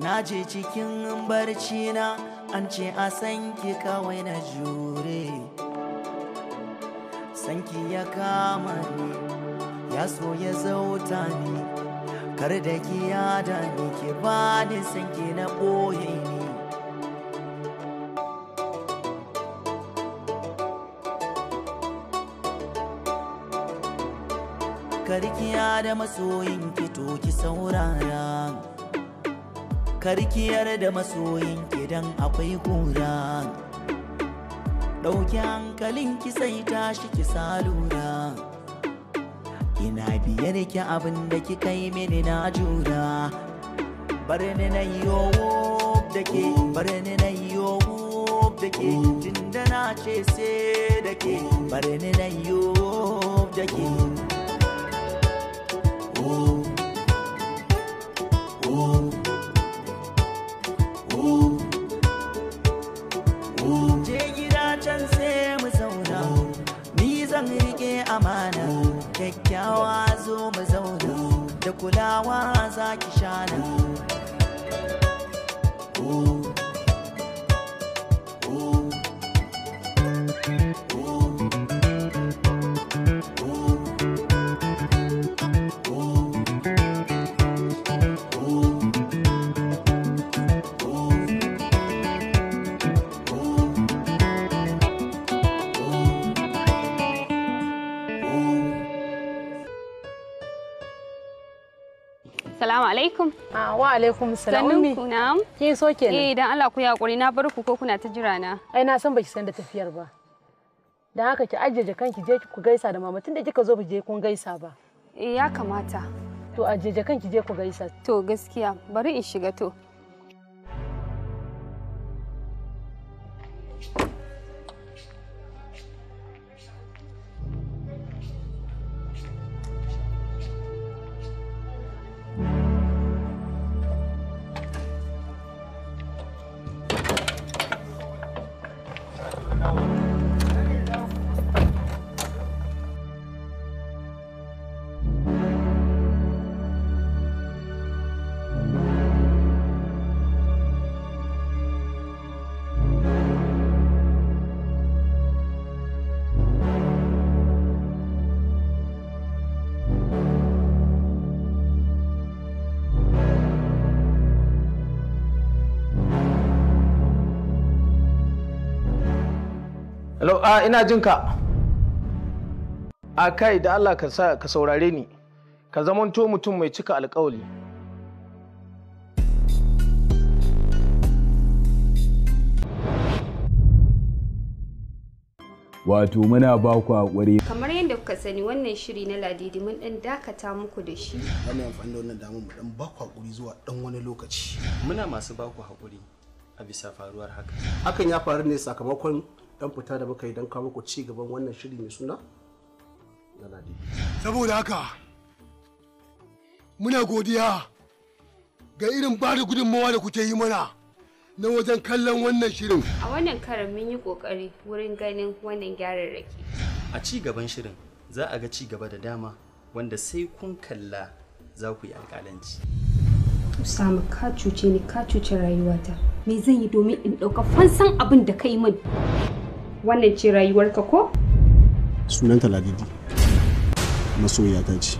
na je cikin barci na an ce a sanki kawai na jure sanki ya kama ni ya so ya zauta ni kar da ki yada ni ke bani sanki na ɓoye ni ki yada masoyin ki to ki saurara karkiyar da masoyin kidan akwai kura ɗauki hankalin ki sai tashi ki lura ina biyar ki abin da ki kai mini na jura ni na yo da ke bar ni na yo da ke tunda na ce sai da ke bar ni na yo da ke Salamu alaikum. Ah, wa alaikum salam. Sannin ku na'am. Kin so kenan. Eh dan Allah ku ya na bar ku ko kuna ta jira na. Ai na san baki san da tafiyar ba. Dan haka ki ajeje kanki je ku gaisa da mama tunda kika zo je kun gaisa ba. Eh ya kamata. To ajeje kanki je ku gaisa. To gaskiya bari in shiga to. a ah, ina jin ka a ah, kai da Allah ka saurare ni ka zamanto mutum mai cika alkawali wato muna ba ku haƙuri kamar yadda kuka sani wannan shiri na ladidi mun dan dakata muku da shi wani amfani da wannan damun mu dan ba ku haƙuri zuwa dan wani lokaci muna masu ba ku haƙuri a bisa faruwar haka hakan ya faru ne sakamakon dan fita da muka yi don kawo ku ci gaban wannan shiri mai suna na saboda haka muna godiya ga irin ba da gudunmawa da kuke yi mana na wajen kallon wannan shirin a wannan karan mun yi kokari wurin ganin wannan gyararraki a ci gaban shirin za a ga ci gaba da dama wanda sai kun kalla za ku yi alƙalanci. Usama ka cuce ni ka cuce rayuwata. Me zan yi domin in ɗauka fansan abin da ka yi min? wannan ce rayuwarka ko? sunanta ladidi masoya ta ce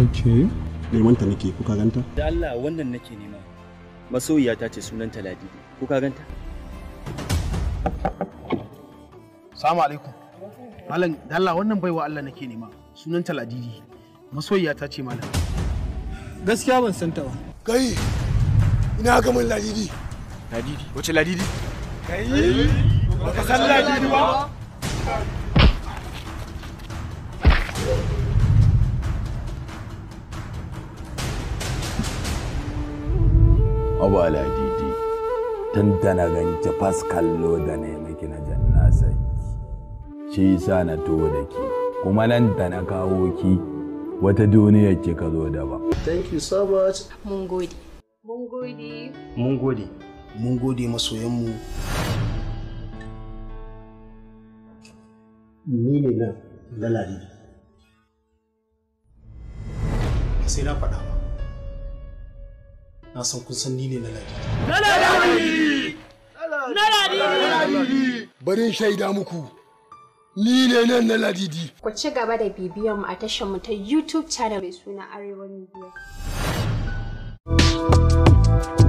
ok nemanta nake kuka ganta? da Allah wannan nake nema masoyiya ta ce sunanta ladidi kuka ganta? salamu alaikum malam da Allah wannan baiwa Allah nake nema sunanta ladidi masoyiya ta ce malam gaskiya ban santa ba kai ina ga mai ladidi ladidi wace ladidi kai baka san ladi ba abu aladidi tun tana ganci fas kallo da ne miki na janna sai shi yasa na to da ke kuma nan da na kawo ki wata duniyar ki ka zo da ba thank you so much mun gode mun gode mun gode mun gode mu. ni ne nan na ladidi sai na faɗa ba na san kun san ni ne na ladidi na ladidi na ladidi barin shaida muku ni ne nan na ladidi ku ci gaba da bibiyan mu a tashar mu ta youtube channel mai suna arewa media thank you